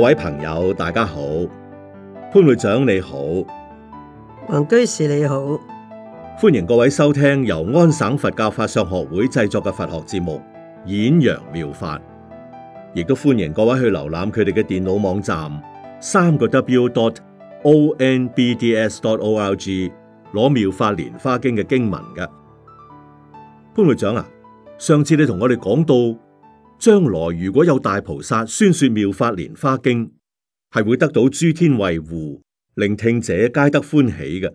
各位朋友，大家好，潘會長你好，黃居士你好，歡迎各位收聽由安省佛教法相學會製作嘅佛學節目《演揚妙法》，亦都歡迎各位去瀏覽佢哋嘅電腦網站三個 W dot O N B D S 點 O L G，攞妙法蓮花經嘅經文嘅。潘會長啊，上次你同我哋講到。將來如果有大菩薩宣說妙法蓮花經，係會得到諸天衛護，聆聽者皆得歡喜嘅。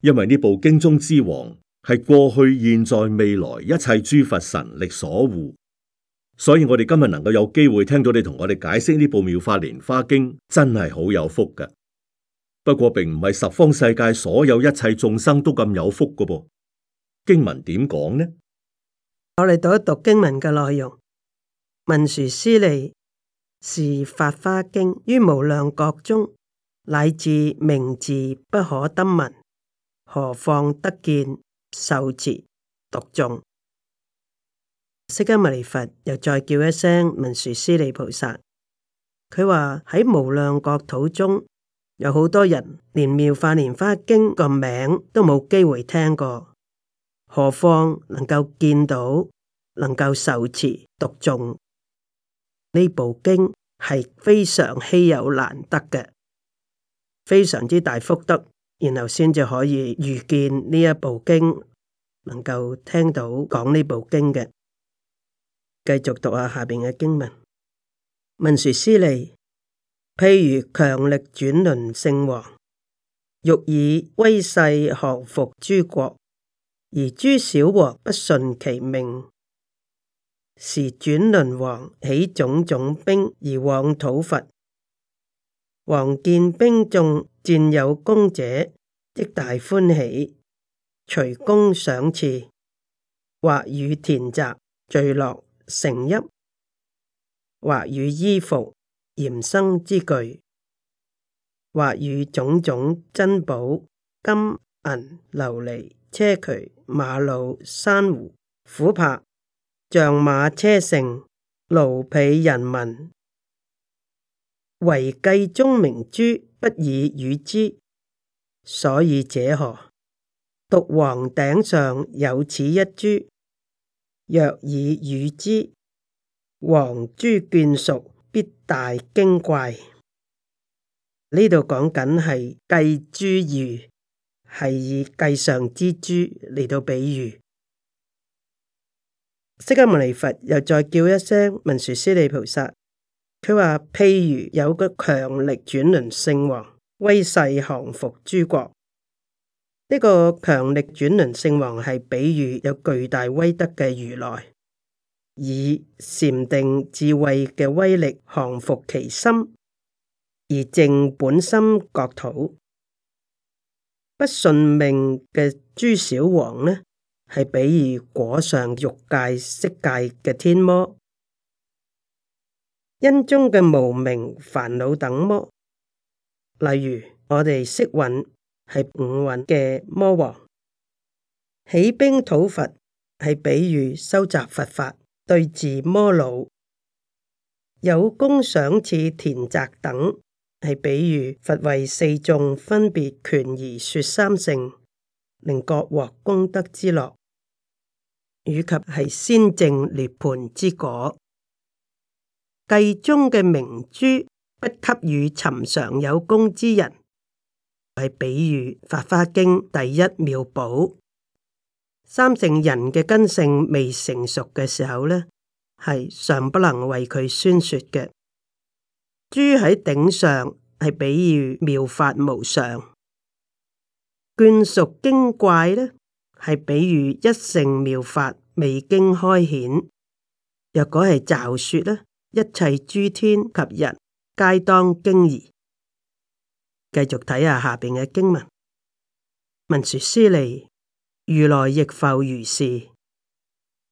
因為呢部經中之王係過去、現在、未來一切諸佛神力所護，所以我哋今日能夠有機會聽到你同我哋解釋呢部妙法蓮花經，真係好有福噶。不過並唔係十方世界所有一切眾生都咁有福噶噃。經文點講呢？我哋讀一讀經文嘅內容。文殊師利，是法花經於無量國中，乃至名字不可得聞，何況得見受持讀誦。釋迦牟尼佛又再叫一聲文殊師利菩薩，佢話喺無量國土中，有好多人連妙法蓮花經個名都冇機會聽過，何況能夠見到，能夠受持讀誦。呢部經係非常稀有難得嘅，非常之大福德，然後先至可以遇見呢一部經，能夠聽到講呢部經嘅。繼續讀下下邊嘅經文。文殊師利，譬如強力轉輪聖王，欲以威勢降服諸國，而諸小王不順其命。時轉輪王起種種兵而往討伐，王見兵眾戰有功者，即大歡喜，隨功賞賜，或與田宅聚落城邑，或與衣服、嚴生之具，或與種種珍寶、金銀琉璃車磲馬瑙、珊瑚琥珀。象馬車乘、奴婢人民，唯計中明珠不以與之，所以者何？獨王頂上有此一珠，若以與之，王珠眷屬必大驚怪。呢度講緊係計珠喻，係以計上之珠嚟到比喻。釋迦牟尼佛又再叫一聲文殊師利菩薩，佢話，譬如有個強力轉輪聖，聖王，威勢降服諸國。呢、這個強力轉輪聖，聖王係比喻有巨大威德嘅如來，以禪定智慧嘅威力降服其心，而正本心國土，不信命嘅諸小王呢？係比喻果上欲界色界嘅天魔，因中嘅無明煩惱等魔。例如我哋色蘊係五蘊嘅魔王，起兵討伐係比喻收集佛法對治魔惱，有功賞賜田宅等，係比喻佛為四眾分別權而說三性，令各獲功德之樂。以及係先正涅盤之果，髻中嘅明珠不給予尋常有功之人，係比喻法華經第一妙寶。三乘人嘅根性未成熟嘅時候呢，係尚不能為佢宣說嘅。珠喺頂上，係比喻妙法無常，眷屬精怪呢。係比喻一乘妙法未經開顯，若果係驟說呢，一切諸天及人皆當驚疑。繼續睇下下邊嘅經文，文殊師利，如來亦復如是，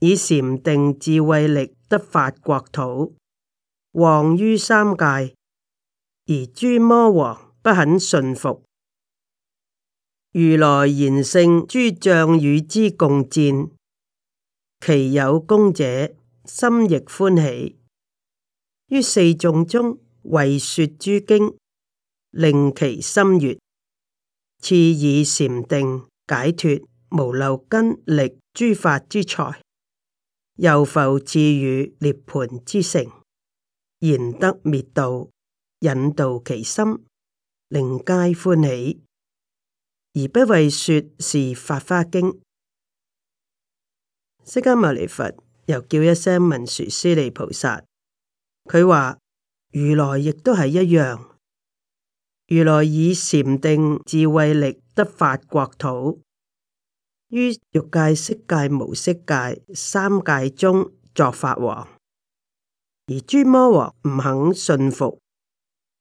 以禪定智慧力得法國土，王於三界，而諸魔王不肯信服。如來賢聖諸將與之共戰，其有功者心亦歡喜。於四眾中為說諸經，令其心悅，賜以禪定解脫無漏根力諸法之財，又復賜與涅槃之城，言得滅道，引導其心，令皆歡喜。”而不為說是法華經，釋迦牟尼佛又叫一聲文殊師利菩薩，佢話：如來亦都係一樣，如來以禪定智慧力得法國土，於欲界、色界、無色界三界中作法王，而諸魔王唔肯信服。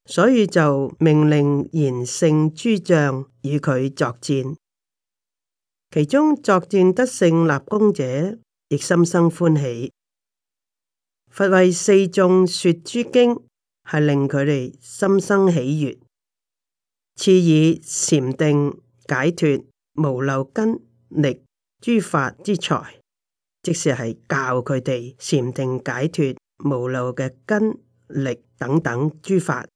所以就命令賢聖諸將與佢作戰，其中作戰得勝立功者亦心生歡喜。佛為四眾說諸經，係令佢哋心生喜悅，賜以禪定解脫無漏根力諸法之財，即是係教佢哋禪定解脫無漏嘅根力等等諸法。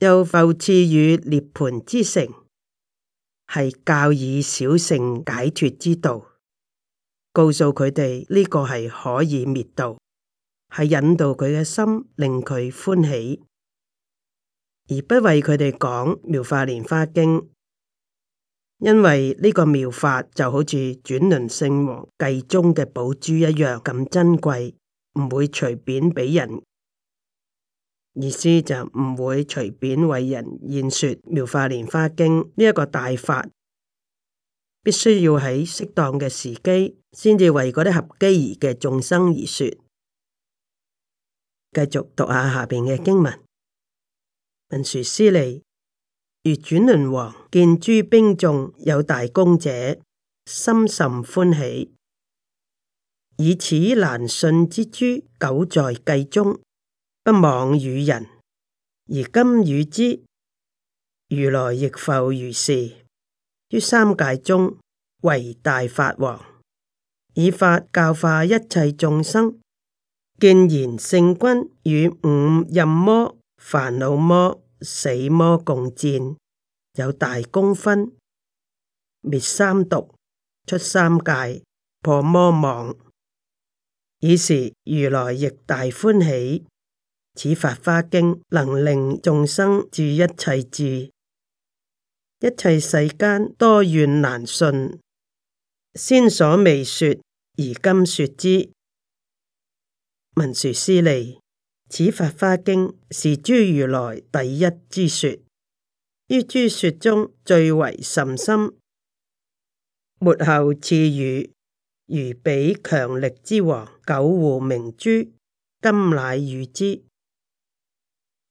又復復次與涅槃之城，係教以小乘解脱之道，告訴佢哋呢個係可以滅道，係引導佢嘅心，令佢歡喜，而不為佢哋講妙法蓮花經，因為呢個妙法就好似轉輪聖王髻中嘅寶珠一樣咁珍貴，唔會隨便俾人。意思就唔會隨便為人言說描畫《蓮花經》呢一個大法，必須要喺適當嘅時機，先至為嗰啲合機宜嘅眾生而說。繼續讀下下邊嘅經文：文殊師利，如轉輪王見諸兵眾有大功者，心甚歡喜，以此難信之珠，久在髻中。不妄與人，而今與之，如來亦復如是。於三界中為大法王，以法教化一切眾生。見賢聖軍與五陰魔、煩惱魔、死魔共戰，有大功勳，滅三毒，出三界，破魔網。以是如來亦大歡喜。此法花經能令眾生住一切智，一切世間多怨難信。先所未說，而今說之。文殊師利，此法花經是諸如來第一之說，於諸說中最為甚深。末後賜與，如彼強力之王，久護明珠，今乃與之。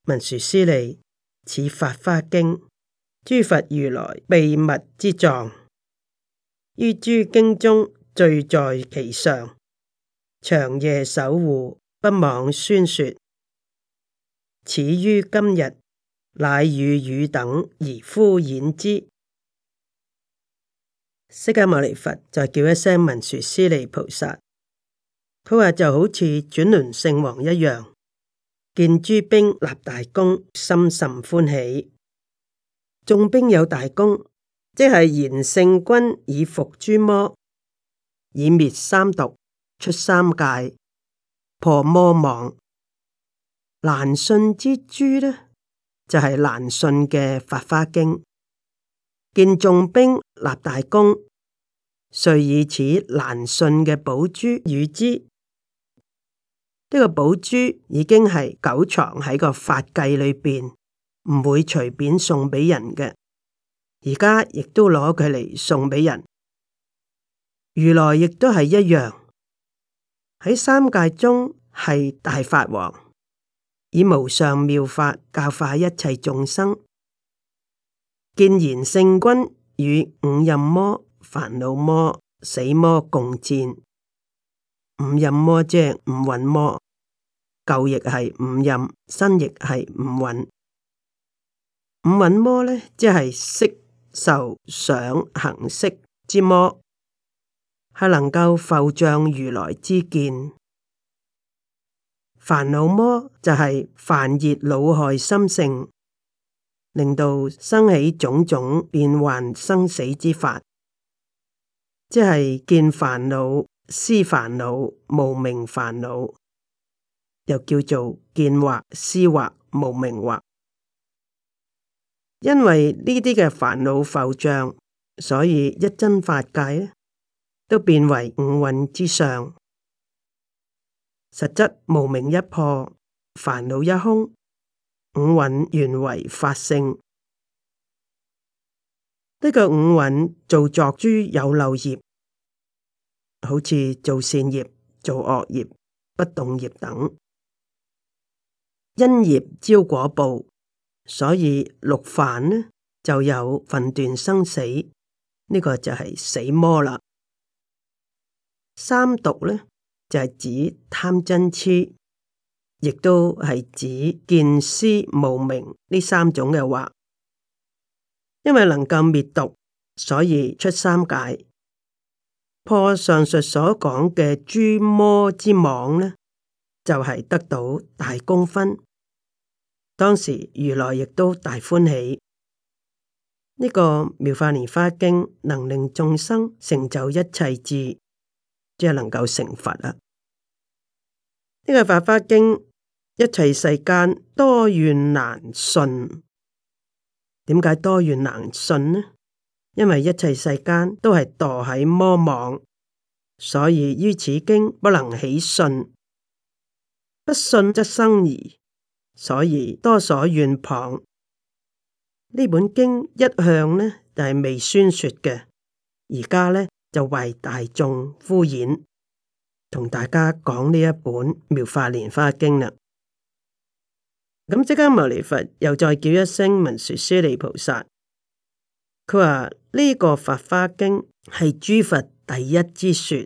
文殊師利，此法花經，諸佛如來秘密之藏，於諸經中最在其上，長夜守護，不妄宣說。始於今日，乃與汝等而敷演之。釋迦牟尼佛就叫一聲文殊師利菩薩，佢話就好似轉輪聖王一樣。見諸兵立大功，心甚歡喜。眾兵有大功，即係言聖君以伏諸魔，以滅三毒，出三界，破魔網。難信之珠呢，就係、是、難信嘅法花經。見眾兵立大功，遂以此難信嘅寶珠與之。呢個寶珠已經係久藏喺個法界裏邊，唔會隨便送俾人嘅。而家亦都攞佢嚟送俾人，如來亦都係一樣喺三界中係大法王，以無上妙法教化一切眾生。見賢聖君與五陰魔、煩惱魔、死魔共戰，五陰魔即五蘊魔。舊亦係五陰，新亦係五蘊。五蘊魔呢，即係色受想行識之魔，係能夠浮障如來之見。煩惱魔就係煩熱惱害心性，令到生起種種變幻生死之法，即係見煩惱、思煩惱、無明煩惱。又叫做見惑、思惑、無明惑，因為呢啲嘅煩惱浮障，所以一真法界咧都變為五蘊之上，實質無明一破，煩惱一空，五蘊原為法性。呢、這個五蘊做作諸有漏業，好似做善業、做惡業、不動業等。因業招果報，所以六凡呢就有分段生死，呢、這個就係死魔啦。三毒呢就係、是、指貪嗔癡，亦都係指見思無明呢三種嘅話，因為能夠滅毒，所以出三界，破上述所講嘅諸魔之網呢。就係得到大功分，當時如來亦都大歡喜。呢、這個妙法蓮華經能令眾生成就一切智，即係能夠成佛啊！呢、這個法華經，一切世間多怨難信。點解多怨難信呢？因為一切世間都係墮喺魔網，所以於此經不能起信。不信則生疑，所以多所怨謗。呢本經一向呢就係、是、未宣說嘅，而家呢就為大眾敷演，同大家講呢一本妙法蓮華經啦。咁即刻，牟尼佛又再叫一聲文殊師利菩薩，佢話呢個法華經係諸佛第一之說，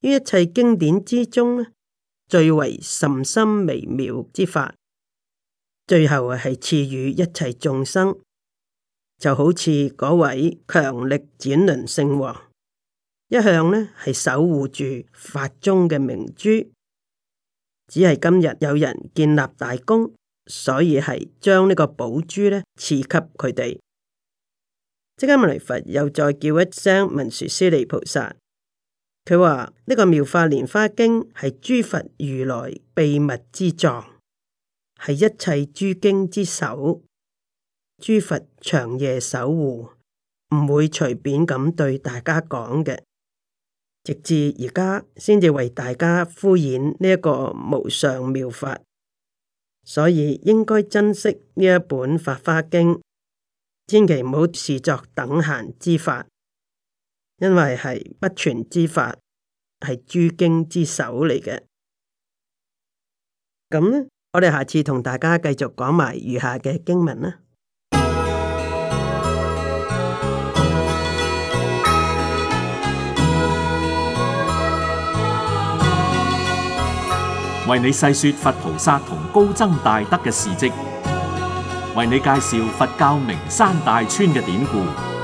於一切經典之中呢。最為甚深微妙之法，最後係賜予一切眾生，就好似嗰位強力轉輪聖王，一向呢係守護住法中嘅明珠，只係今日有人建立大功，所以係將呢個寶珠呢賜給佢哋。釋迦牟尼佛又再叫一聲文殊師利菩薩。佢話：呢個妙法蓮花經係諸佛如來秘密之藏，係一切諸經之首，諸佛長夜守護，唔會隨便咁對大家講嘅。直至而家先至為大家敷衍呢一個無上妙法，所以應該珍惜呢一本法花經，千祈唔好視作等閒之法。因為係不全之法，係諸經之首嚟嘅。咁呢，我哋下次同大家繼續講埋餘下嘅經文啦。為你細說佛菩薩同高僧大德嘅事跡，為你介紹佛教名山大川嘅典故。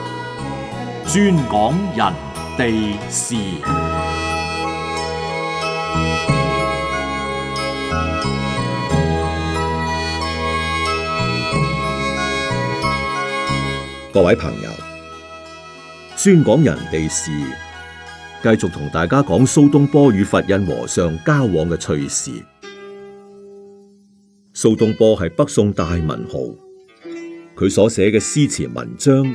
專講人地事，各位朋友，專講人地事，繼續同大家講蘇東坡與佛印和尚交往嘅趣事。蘇東坡係北宋大文豪，佢所寫嘅詩詞文章，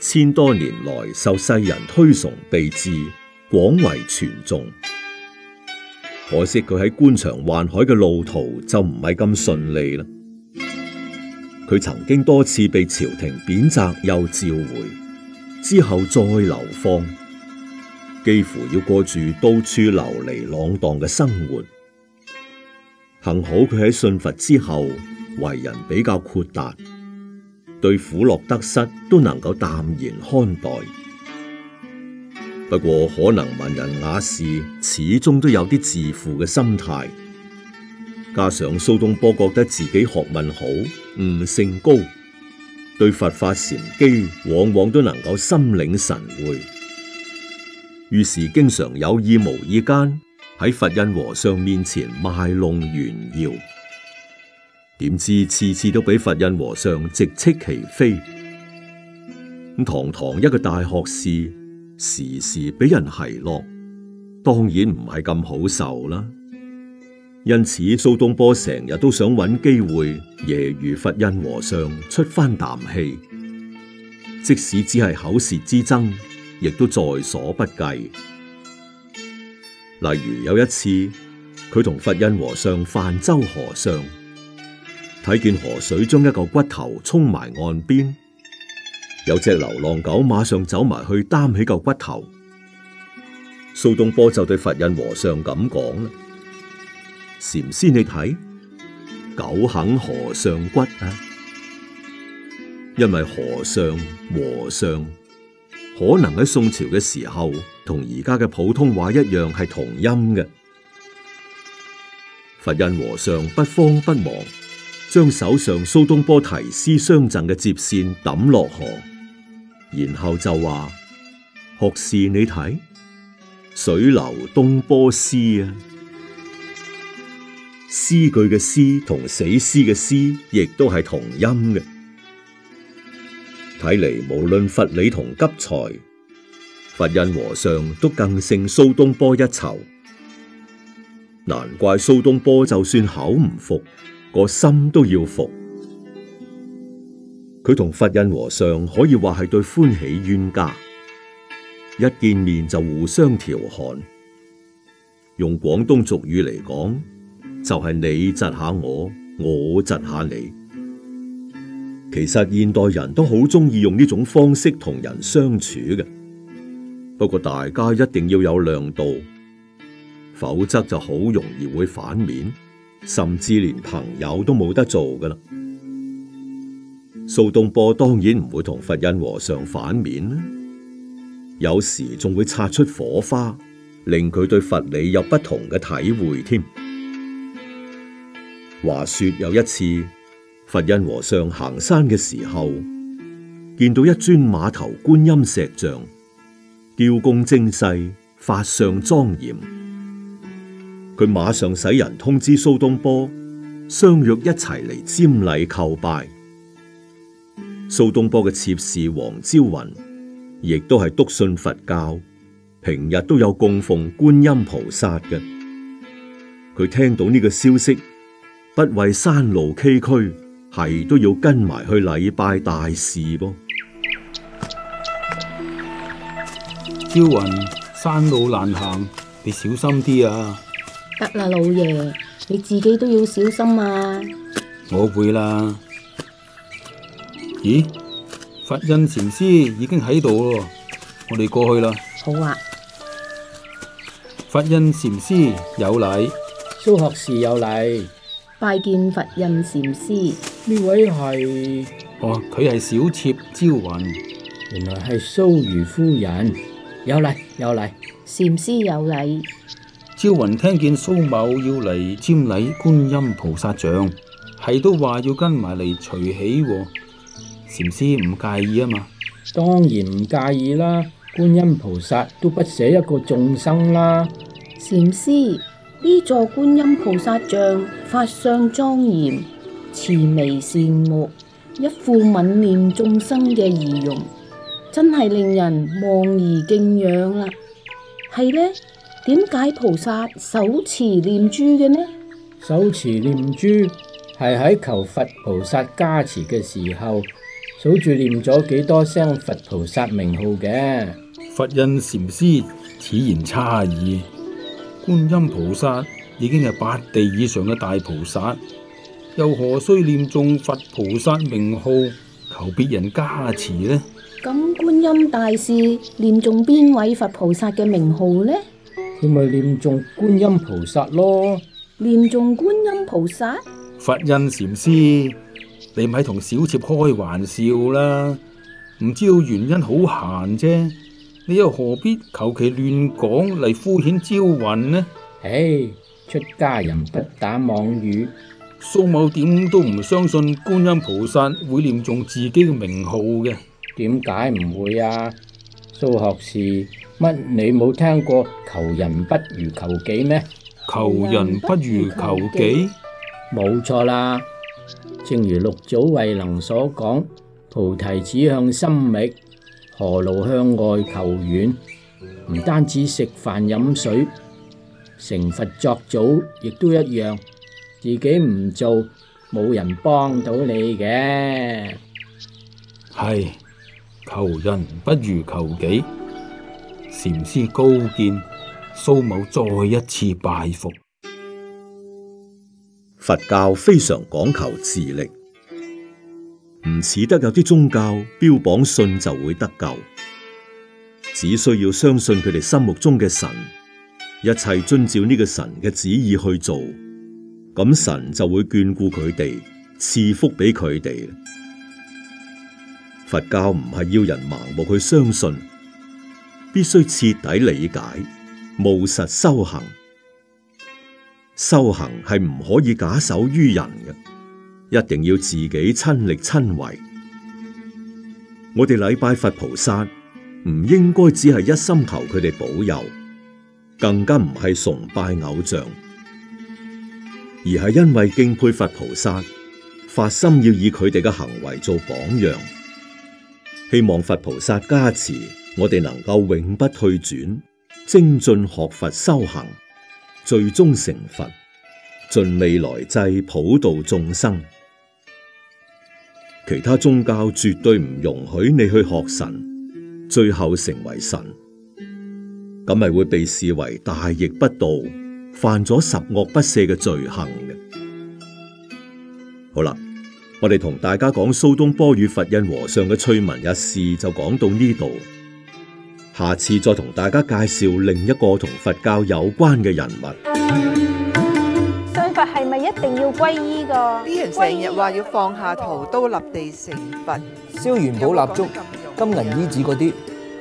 千多年來受世人推崇備至，廣為傳頌。可惜佢喺官場宦海嘅路途就唔係咁順利啦。佢曾經多次被朝廷貶謫，又召回，之後再流放，幾乎要過住到處流離浪蕩嘅生活。幸好佢喺信佛之後，為人比較豁達。對苦樂得失都能夠淡然看待，不過可能文人雅士始終都有啲自負嘅心態，加上蘇東坡覺得自己學問好、悟性高，對佛法禪機往往都能夠心領神會，於是經常有意無意間喺佛印和尚面前賣弄炫耀。點知次次都俾佛印和尚直斥其非，咁堂堂一個大學士，時時俾人奚落，當然唔係咁好受啦。因此蘇東坡成日都想揾機會揶揄佛印和尚出翻啖氣，即使只係口舌之爭，亦都在所不計。例如有一次，佢同佛印和尚泛舟河上。睇見河水將一嚿骨頭沖埋岸邊，有隻流浪狗馬上走埋去擔起嚿骨頭。蘇東坡就對佛印和尚咁講啦：禪師你睇，狗啃和尚骨啊！因為和尚和尚，可能喺宋朝嘅時候同而家嘅普通話一樣係同音嘅。佛印和尚不慌不忙，將手上蘇東坡題詩相贈嘅折扇抌落河，然後就話：學士你睇，水流東坡詩啊！詩句嘅詩同死詩嘅詩，亦都係同音嘅。睇嚟無論佛理同急才，佛印和尚都更勝蘇東坡一籌。難怪蘇東坡就算口唔服。個心都要服，佢同佛印和尚可以話係對歡喜冤家，一見面就互相調侃。用廣東俗語嚟講，就係你窒下我，我窒下你。其實現代人都好中意用呢種方式同人相處嘅，不過大家一定要有量度，否則就好容易會反面。甚至連朋友都冇得做㗎喇。蘇東坡當然唔會同佛印和尚反面啦，有時仲會擦出火花，令佢對佛理有不同嘅體會添。話說有一次，佛印和尚行山嘅時候，見到一尊馬頭觀音石像，雕工精細，法相莊嚴。佢馬上使人通知蘇東坡，相約一齊嚟，佔禮叩拜。蘇東坡嘅妾侍王朝雲，亦都係篤信佛教，平日都有供奉觀音菩薩嘅。佢聽到呢個消息，不畏山路崎嶇，係都要跟埋去禮拜大事噃。朝雲，山路難行，你小心啲啊！得啦，老爺，你自己都要小心啊！我會啦。咦？佛印禪師已經喺度咯，我哋過去啦。好啊。佛印禪師有禮。蘇學士有禮。拜見佛印禪師。呢位係？哦，佢係小妾朝雲，原來係蘇瑜夫人。有禮，有禮。禪師有禮。朝雲聽見蘇某要嚟占禮觀音菩薩像，係都話要跟埋嚟隨喜。禪師唔介意啊嘛？當然唔介意啦。觀音菩薩都不捨一個眾生啦。禪師，呢座觀音菩薩像法相莊嚴，慈眉善目，一副憫念眾生嘅儀容，真係令人望而敬仰啦，啊。係呢？點解菩薩手持念珠嘅呢？手持念珠係喺求佛菩薩加持嘅時候，數住念咗幾多聲佛菩薩名號嘅。佛印禪師，此言差矣。觀音菩薩已經係八地以上嘅大菩薩，又何須念誦佛菩薩名號求別人加持呢？咁觀音大士念誦邊位佛菩薩嘅名號呢？佢咪念誦觀音菩薩咯？念誦觀音菩薩？佛印禪師，你咪同小妾開玩笑啦？唔知道原因好閒啫，你又何必求其亂講嚟敷衍朝雲呢？唉，hey, 出家人不打妄語。蘇某點都唔相信觀音菩薩會念誦自己嘅名號嘅，點解唔會啊？蘇學士。乜你冇聽過求人不如求己咩？求人不如求己，冇錯啦。正如六祖慧能所講：菩提只向心覓，何勞向外求玄？唔單止食飯飲水，成佛作祖亦都一樣，自己唔做，冇人幫到你嘅。係求人不如求己。禪師高見，蘇某再一次拜服。佛教非常講求自力，唔似得有啲宗教標榜信就會得救，只需要相信佢哋心目中嘅神，一切遵照呢個神嘅旨意去做，咁神就會眷顧佢哋，賜福俾佢哋。佛教唔係要人盲目去相信。必須徹底理解，務實修行。修行係唔可以假手於人嘅，一定要自己親力親為。我哋禮拜佛菩薩，唔應該只係一心求佢哋保佑，更加唔係崇拜偶像，而係因為敬佩佛菩薩，發心要以佢哋嘅行為做榜樣，希望佛菩薩加持。我哋能夠永不退轉，精進學佛修行，最終成佛，盡未來世普度眾生。其他宗教絕對唔容許你去學神，最後成為神，咁咪會被視為大逆不道，犯咗十惡不赦嘅罪行嘅。好啦，我哋同大家講蘇東坡與佛印和尚嘅趣聞一事，就講到呢度。下次再同大家介紹另一個同佛教有關嘅人物。信佛係咪一定要皈依㗎？啲人成日話要放下屠刀立地成佛，燒元寶蠟燭、金銀衣紙嗰啲，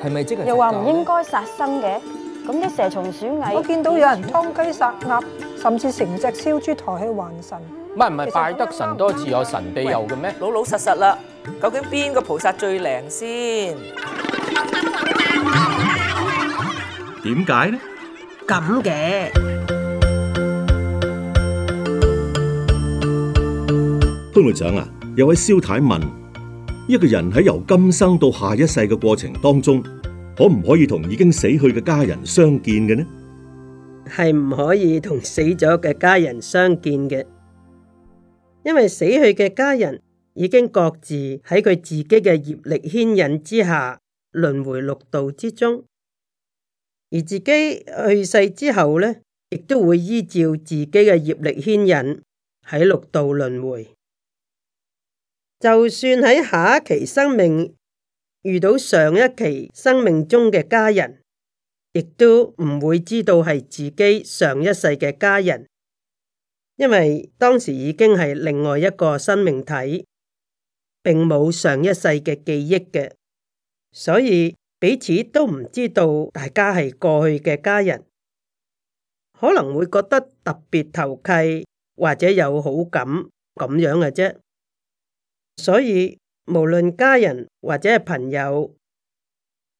係咪即係？又話唔應該殺生嘅，咁啲蛇蟲鼠蟻，我見到有人劏雞殺鴨，甚至成隻燒豬抬去還神。唔係唔係，拜得神多自有神庇佑嘅咩？老老實實啦，究竟邊個菩薩最靈先？點解呢？咁嘅潘會長啊，有位蕭太問：一個人喺由今生到下一世嘅過程當中，可唔可以同已經死去嘅家人相見嘅呢？係唔可以同死咗嘅家人相見嘅，因為死去嘅家人已經各自喺佢自己嘅業力牽引之下，輪迴六道之中。而自己去世之後呢，亦都會依照自己嘅業力牽引，喺六道輪迴。就算喺下一期生命遇到上一期生命中嘅家人，亦都唔會知道係自己上一世嘅家人，因為當時已經係另外一個生命體，並冇上一世嘅記憶嘅，所以。彼此都唔知道，大家係過去嘅家人，可能會覺得特別投契，或者有好感咁樣嘅啫。所以無論家人或者係朋友，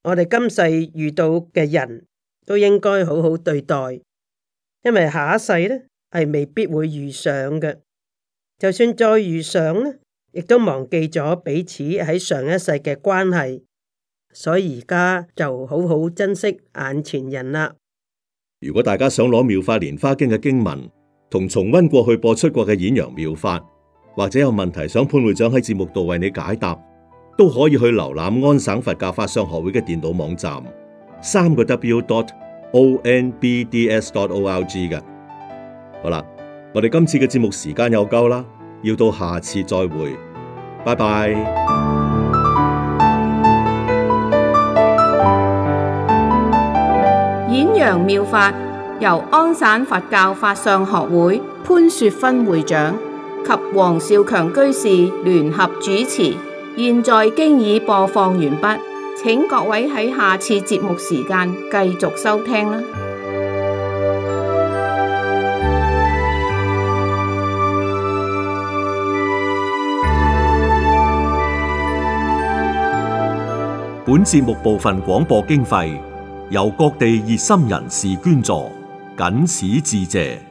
我哋今世遇到嘅人都應該好好對待，因為下一世呢，係未必會遇上嘅。就算再遇上呢，亦都忘記咗彼此喺上一世嘅關係。所以而家就好好珍惜眼前人啦。如果大家想攞《妙法蓮華經》嘅經文，同重温過去播出過嘅《演揚妙法》，或者有問題想潘會長喺節目度為你解答，都可以去瀏覽安省佛教法相學會嘅電腦網站，三個 W dot O N B D S dot O R G 嘅。好啦，我哋今次嘅節目時間又夠啦，要到下次再會，拜拜。妙法由安省佛教法相學會潘雪芬會長及黃少強居士聯合主持，現在經已播放完畢，請各位喺下次節目時間繼續收聽啦。本節目部分廣播經費。由各地熱心人士捐助，謹此致謝。